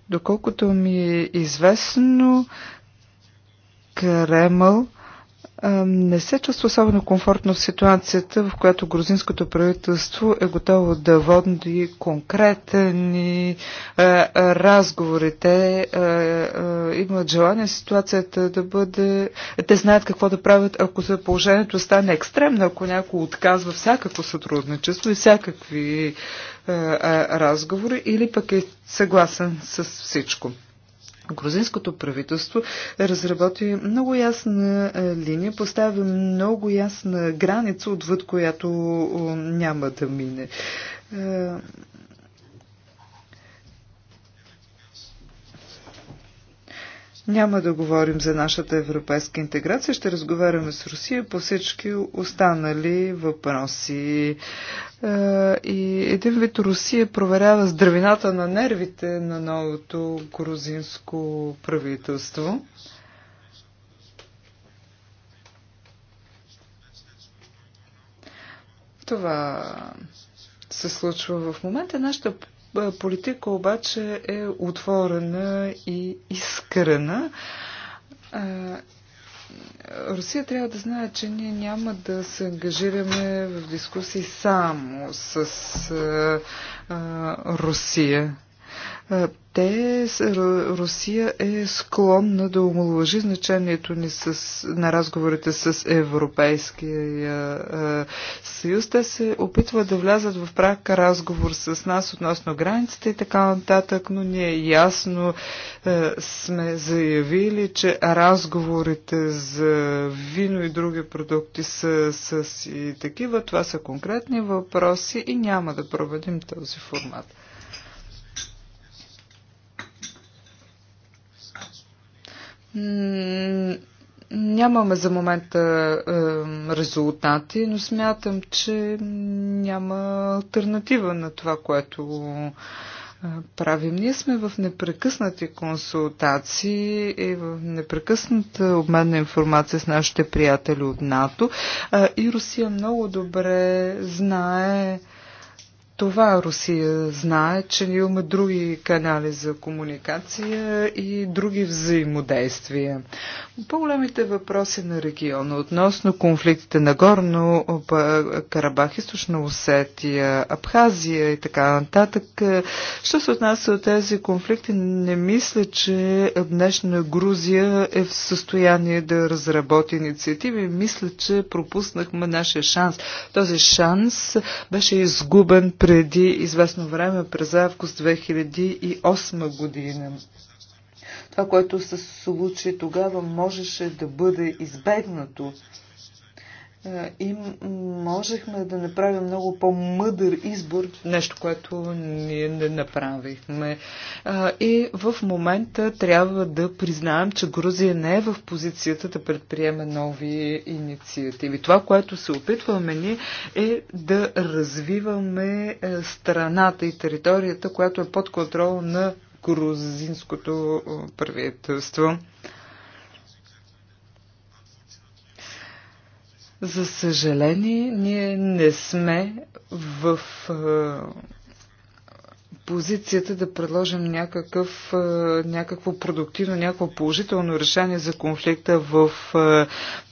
Доколкото ми е известно, Кремъл – не се чувства особено комфортно в ситуацията, в която грузинското правителство е готово да води конкретни разговорите. Имат желание ситуацията да бъде... Те знаят какво да правят, ако положението стане екстремно, ако някой отказва всякакво сътрудничество и всякакви разговори или пък е съгласен с всичко. Грузинското правителство разработи много ясна е, линия, поставя много ясна граница, отвъд която няма да мине. Е, Няма да говорим за нашата европейска интеграция, ще разговаряме с Русия по всички останали въпроси. Е, и един вид Русия проверява здравината на нервите на новото грузинско правителство. Това се случва в момента. Нашата е, политика обаче е отворена и искрена. Е, Русия трябва да знае, че ние няма да се ангажираме в дискусии само с а, е, Русия. Те, Русия е склонна да омалважи значението ни с, на разговорите с Европейския съюз. Те се опитват да влязат в прак разговор с нас относно границите и така нататък, но ние ясно е, сме заявили, че разговорите за вино и други продукти са, са и такива. Това са конкретни въпроси и няма да проведим този формат. Нямаме за момента е, резултати, но смятам, че няма альтернатива на това, което е, правим. Ние сме в непрекъснати консултации и в непрекъсната обмен на информация с нашите приятели от НАТО. Е, и Русия много добре знае е, това Русия знае, че ние имаме други канали за комуникация и други взаимодействия. По-големите въпроси на региона относно конфликтите на Горно, Карабах, Източна Осетия, Абхазия и така нататък. Що се отнася от тези конфликти, не мисля, че днешна Грузия е в състояние да разработи инициативи. Мисля, че пропуснахме нашия шанс. Този шанс беше изгубен при преди известно време, през август 2008 година. Това, което се случи тогава, можеше да бъде избегнато. Е, и можехме да направим много по-мъдър избор, нещо, което ние не направихме. Е, и в момента трябва да признаем, че Грузия не е в позицията да предприеме нови инициативи. Това, което се опитваме ние е да развиваме е, страната и територията, която е под контрол на грузинското правителство. За съжаление, ние не сме в е, позицията да предложим някакъв, е, някакво продуктивно, някакво положително решение за конфликта в е,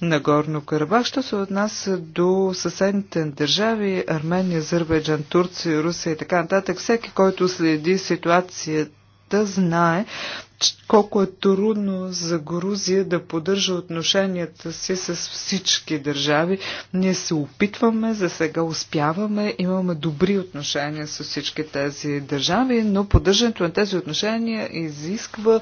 Нагорно Карабах. Що се отнася до съседните държави, Армения, Азербайджан, Турция, Русия и така нататък, всеки, който следи ситуацията, да знае, колко е трудно за Грузия да поддържа отношенията си с всички държави. Ние се опитваме, за сега успяваме, имаме добри отношения с всички тези държави, но поддържането на тези отношения изисква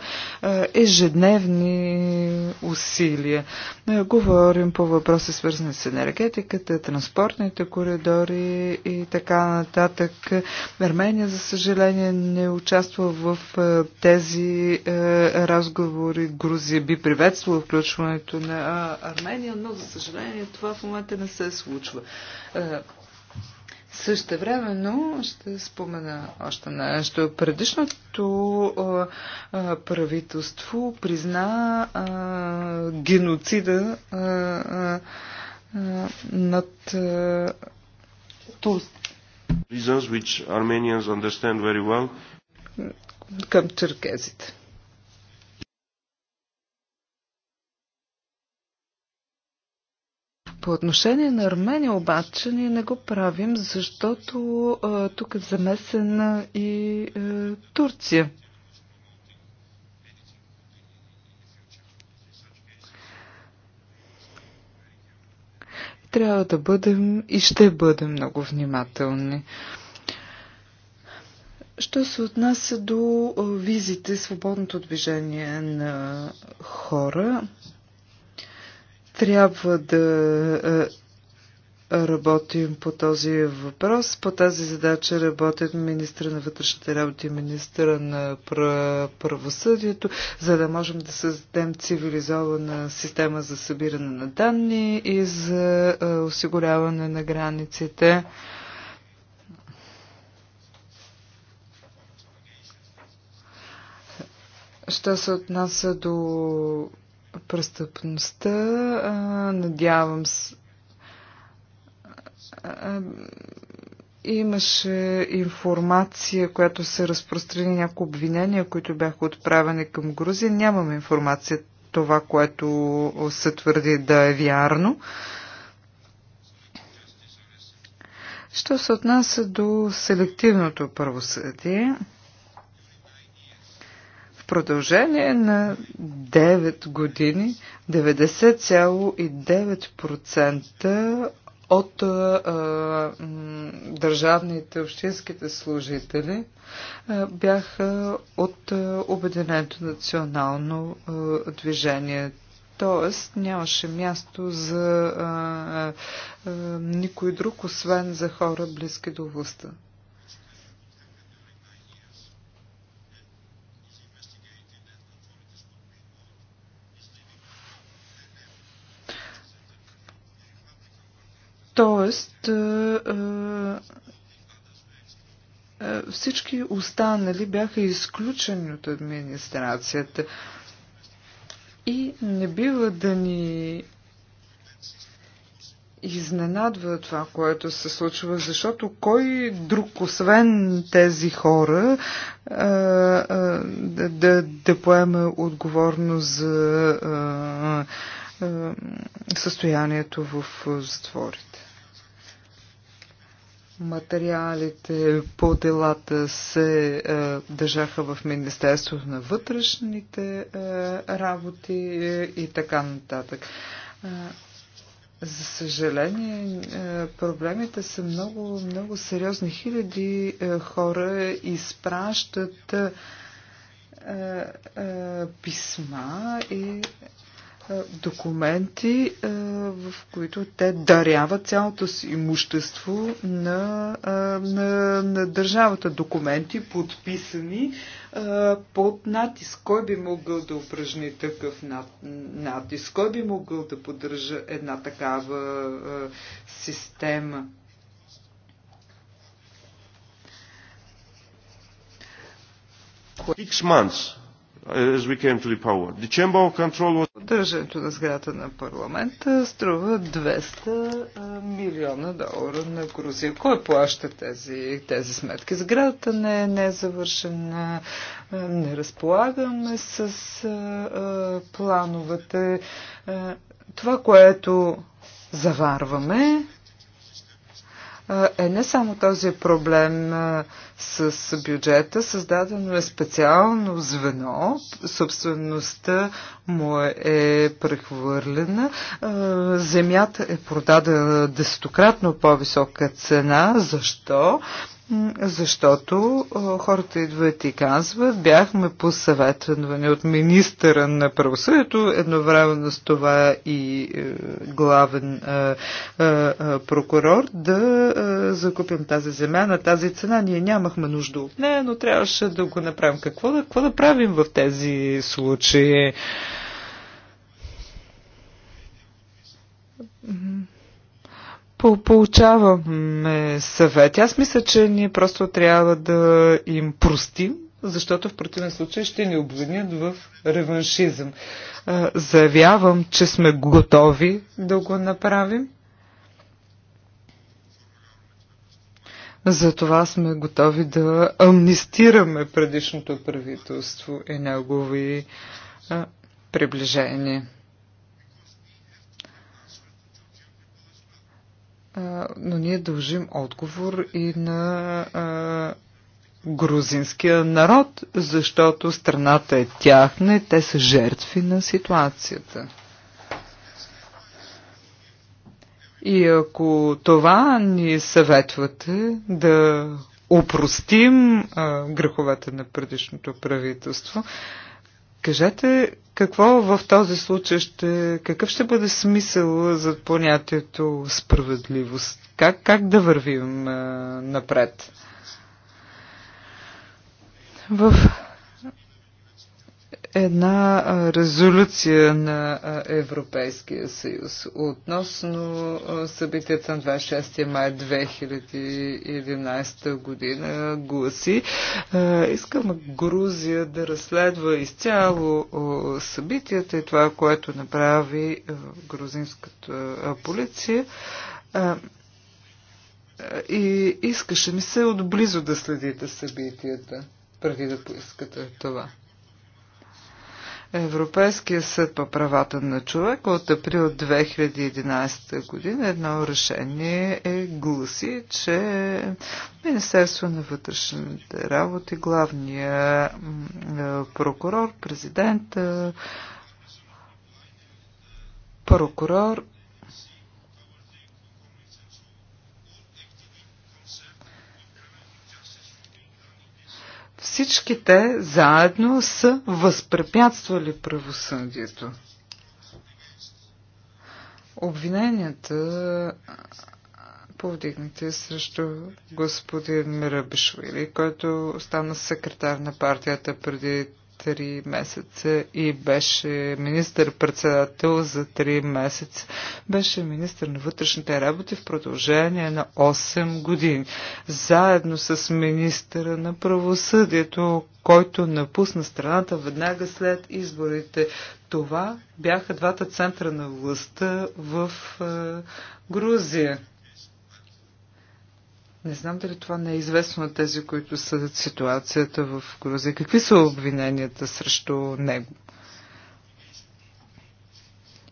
ежедневни усилия. Е, говорим по въпроси свързани с енергетиката, транспортните коридори и така нататък. Армения, за съжаление, не участва в тези е, разговори. Грузия би приветствала включването на Армения, но за съжаление това в момента не се случва. Е, Също време, но ще спомена още нещо. Предишното а, е, правителство призна а, геноцида а, а, над а, Турс. Reasons which Armenians understand very well. Към черкезите. По отношение на Армения обаче ние не го правим, защото а, тук е замесена и а, Турция. Трябва да бъдем и ще бъдем много внимателни. Що се отнася до визите, свободното движение на хора, трябва да е, работим по този въпрос. По тази задача работят министра на вътрешните работи и министра на правосъдието, за да можем да създадем цивилизована система за събиране на данни и за е, осигуряване на границите. Що се отнася до престъпността. Надявам се. Имаше информация, която се разпространи, някои обвинения, които бяха отправени към Грузия. Нямам информация това, което се твърди да е вярно. Що се отнася до селективното правосъдие, продължение на 9 години 90,9% от а, държавните общинските служители а, бяха от а, Обединеното национално а, движение. Тоест нямаше място за а, а, никой друг, освен за хора близки до властта. Тоест, всички останали бяха изключени от администрацията. И не бива да ни изненадва това, което се случва, защото кой друг, освен тези хора, да, да, да поеме отговорност за състоянието в затворите? Материалите по делата се е, държаха в Министерството на вътрешните е, работи е, и така нататък. Е, за съжаление, е, проблемите са много, много сериозни. Хиляди е, хора изпращат е, е писма и е, документи, е, в които те даряват цялото си имущество на, е, на, на държавата. Документи подписани под натиск. Кой би могъл да упражни такъв натиск? Кой би могъл да поддържа една такава система? Six months Uh, as we came to the power. The chamber of control was... Държането на сграда на парламента струва 200 милиона долара на Грузия. Кой плаща тези, тези сметки? Сградата не, не е завършена, не разполагаме с а, а, плановете. А, това, което заварваме, е не само този проблем а, с бюджета създадено е специално звено, собствеността му е прехвърлена, земята е продадена десетократно по-висока цена. Защо? Защото хората идват и казват, бяхме посъветвани от министъра на правосъдието, едновременно с това и е, главен е, е, прокурор, да закупим тази земя на тази цена. Ние нямахме нужда от нея, но трябваше да го направим. Какво да, какво да правим в тези случаи? по- получаваме съвет. Аз мисля, че ние просто трябва да им простим, защото в противен случай ще ни обвинят в реваншизъм. Заявявам, че сме готови да го направим. Затова сме готови да амнистираме предишното правителство и негови приближения. но ние дължим отговор и на грузинския народ, защото страната е тяхна и те са жертви на ситуацията. И ако това ни съветвате да упростим а, греховете на предишното правителство, Кажете какво в този случай ще, какъв ще бъде смисъл за понятието справедливост? Как, как да вървим а, напред? В една резолюция на Европейския съюз относно събитията на 26 май 2011 година гласи. Искам Грузия да разследва изцяло събитията и това, което направи грузинската полиция и искаше ми се отблизо да следите събитията, преди да поискате това. Европейския съд по правата на човека от април 2011 година едно решение е гласи, че Министерство на вътрешните работи, главния е, прокурор, президента, прокурор Всички те заедно са възпрепятствали правосъдието. Обвиненията повдигнати срещу господин Мирабишвили, който стана секретар на партията преди три месеца и беше министър-председател за три месеца. Беше министър на вътрешните работи в продължение на 8 години. Заедно с министъра на правосъдието, който напусна страната веднага след изборите. Това бяха двата центра на властта в е, Грузия. Не знам дали това не е известно на тези, които съдят ситуацията в Грузия. Какви са обвиненията срещу него?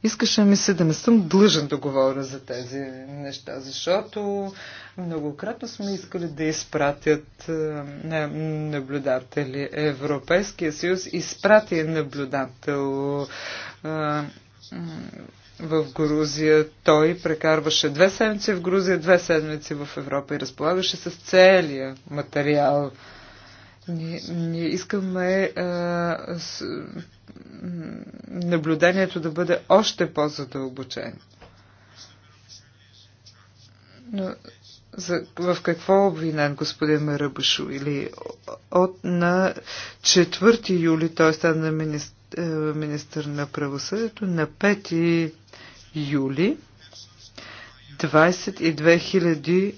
Искаше ми се да не съм длъжен да говоря за тези неща, защото многократно сме искали да изпратят е, наблюдатели. Европейския съюз изпрати наблюдател е, в Грузия. Той прекарваше две седмици в Грузия, две седмици в Европа и разполагаше с целия материал. Ние, ние искаме а, с, наблюдението да бъде още по-задълбочено. Но за, в какво е обвинен господин Мерабашу? Или от на 4 юли той стана министър, министър на правосъдието, на 5 юли 22 000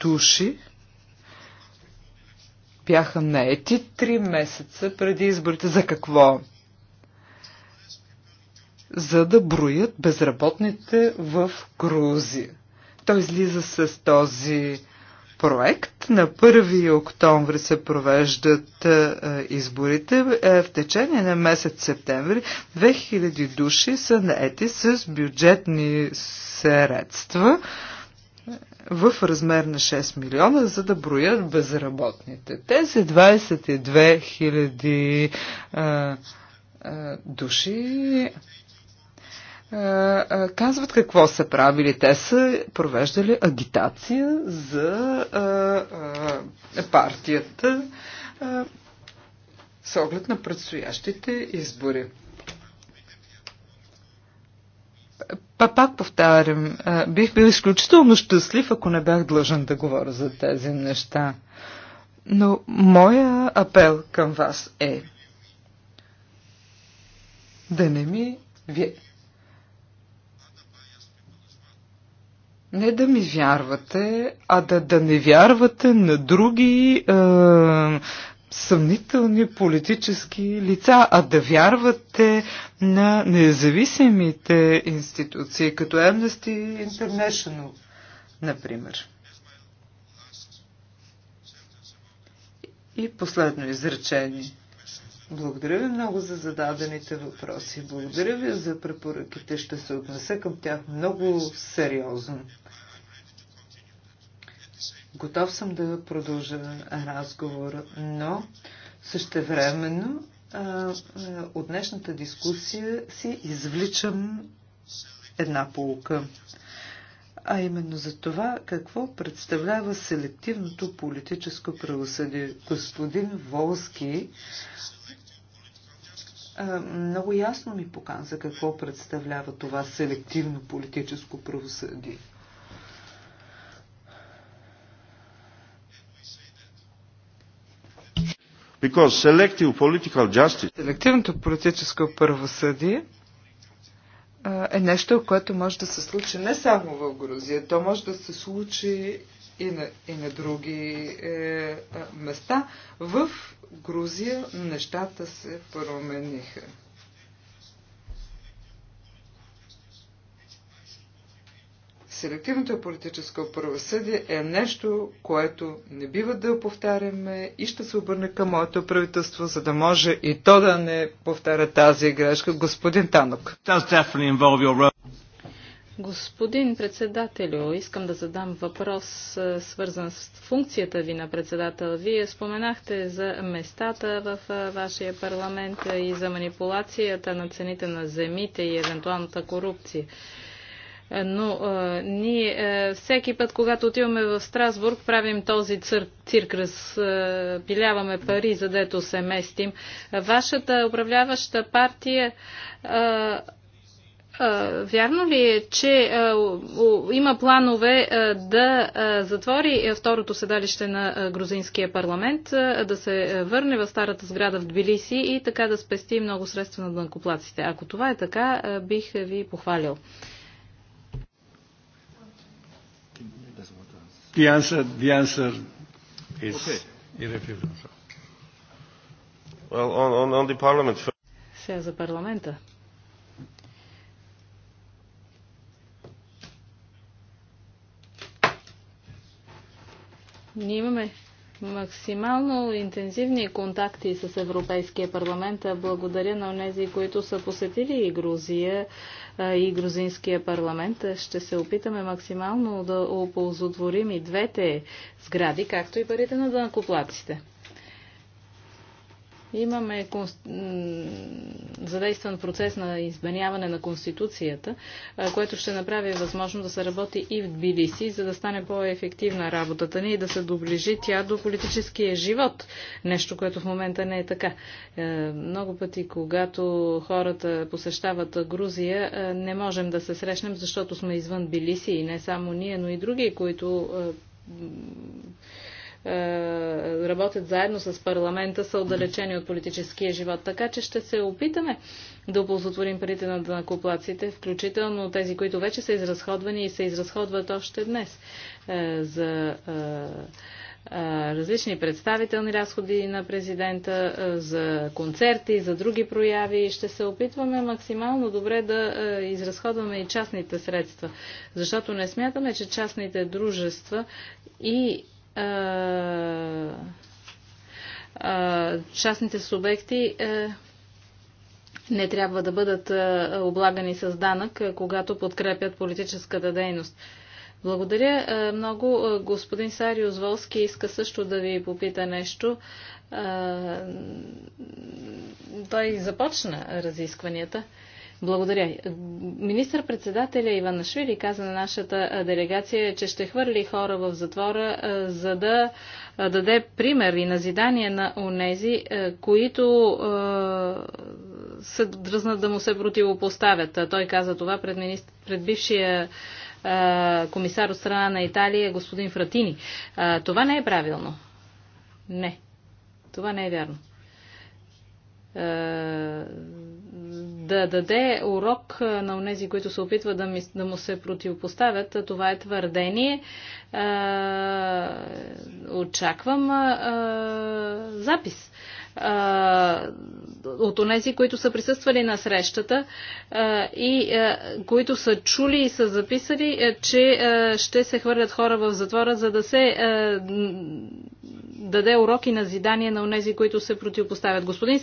души бяха наети три месеца преди изборите. За какво? За да броят безработните в Грузия. Той излиза с този проект. На 1 октомври се провеждат е, изборите. Е, в течение на месец септември 2000 души са наети с бюджетни средства е, в размер на 6 милиона, за да броят безработните. Тези 22 000 души казват какво са правили. Те са провеждали агитация за партията с оглед на предстоящите избори. Па пак повтарям, бих бил изключително щастлив, ако не бях длъжен да говоря за тези неща. Но моя апел към вас е да не ми вие не да ми вярвате, а да, да не вярвате на други е, съмнителни политически лица, а да вярвате на независимите институции, като Amnesty International, например. И последно изречение. Благодаря ви много за зададените въпроси. Благодаря ви за препоръките. Ще се отнеса към тях много сериозно. Готов съм да продължа разговора, но същевременно а, от днешната дискусия си извличам една полука. А именно за това какво представлява селективното политическо правосъдие. Господин Волски много ясно ми показа какво представлява това селективно политическо правосъдие. Because selective political justice... Селективното политическо правосъдие е нещо, което може да се случи не само в Грузия, то може да се случи и на, и на други е, места. В Грузия нещата се промениха. Селективното политическо правосъдие е нещо, което не бива да повтаряме и ще се обърне към моето правителство, за да може и то да не повтаря тази грешка. Господин Танок. Господин председателю, искам да задам въпрос, е, свързан с функцията ви на председател. Вие споменахте за местата в е, вашия парламент и за манипулацията на цените на земите и евентуалната корупция. Е, но а, ние а, всеки път, когато отиваме в Страсбург, правим този цирк, цирк разпиляваме пари, задето се местим. Вашата управляваща партия а, Вярно ли е, че има планове да затвори второто седалище на грузинския парламент, да се върне в старата сграда в Тбилиси и така да спести много средства на дънкоплаците? Ако това е така, бих ви похвалил. The answer, the answer is okay. irrefutable. Well, on, on, on the parliament. Сега за парламента. Ние имаме максимално интензивни контакти с Европейския парламент. Благодаря на тези, които са посетили и Грузия, и Грузинския парламент. Ще се опитаме максимално да оползотворим и двете сгради, както и парите на дънкоплаците. Имаме задействан процес на изменяване на Конституцията, което ще направи възможно да се работи и в Тбилиси, за да стане по-ефективна работата ни и да се доближи тя до политическия живот. Нещо, което в момента не е така. Е, много пъти, когато хората посещават Грузия, е, не можем да се срещнем, защото сме извън Билиси и не само ние, но и други, които е, е, работят заедно с парламента, са отдалечени от политическия живот. Така че ще се опитаме да оползотворим парите на накоплаците, включително тези, които вече са изразходвани и се изразходват още днес е, за е, различни представителни разходи на президента, за концерти, за други прояви. Ще се опитваме максимално добре да изразходваме и частните средства, защото не смятаме, че частните дружества и частните субекти не трябва да бъдат облагани с данък, когато подкрепят политическата дейност. Благодаря много. Господин Сариус Волски иска също да ви попита нещо. Той започна разискванията. Благодаря. Министър-председателя Иван Швили каза на нашата делегация, че ще хвърли хора в затвора, за да даде пример и назидание на онези, които се дръзнат да му се противопоставят. Той каза това пред, министр... пред бившия комисар от страна на Италия, господин Фратини. Това не е правилно. Не. Това не е вярно да даде урок на тези, които се опитват да, ми, да му се противопоставят. Това е твърдение. Очаквам запис от онези, които са присъствали на срещата и които са чули и са записали, е, че ще се хвърлят хора в затвора, за да се даде уроки на зидания на онези, които се противопоставят. Господин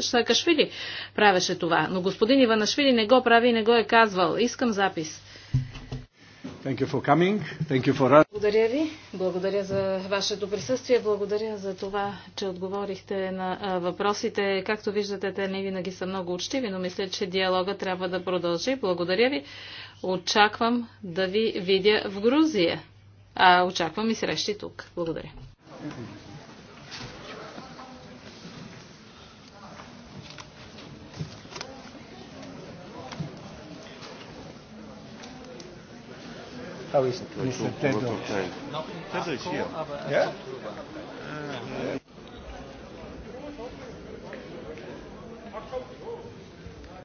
Саакашвили правеше това, но господин Иванашвили не го прави и не го е казвал. Искам запис. Thank you for coming. Thank you for... Благодаря ви. Благодаря за вашето присъствие. Благодаря за това, че отговорихте на въпросите. Както виждате, те не винаги са много учтиви, но мисля, че диалога трябва да продължи. Благодаря ви. Очаквам да ви видя в Грузия. А очаквам и срещи тук. Благодаря. How is Mr. Tedros? Not in Pasco, yeah?